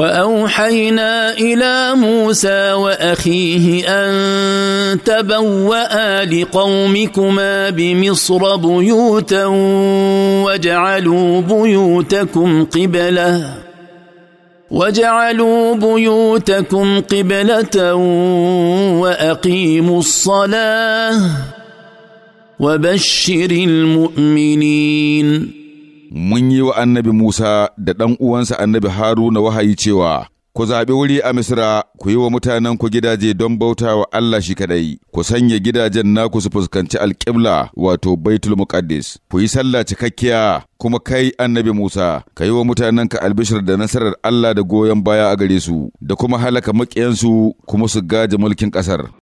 واوحينا الى موسى واخيه ان تبوا لقومكما بمصر بيوتا واجعلوا بيوتكم قبله واجعلوا بيوتكم قبله واقيموا الصلاه وبشر المؤمنين mun yi wa annabi Musa da ɗan uwansa annabi Haruna wahayi cewa, Ku zaɓi wuri a Misra, ku yi wa mutanen ku gidaje don bauta wa Allah shi kaɗai, ku sanya gidajen naku su fuskanci alƙibla wato Baitul Muqaddis, ku yi sallah cikakkiya kuma kai annabi Musa, ka yi wa ka albishir da nasarar Allah da goyon baya a gare su, da kuma halaka maƙiyansu kuma su gaji mulkin ƙasar.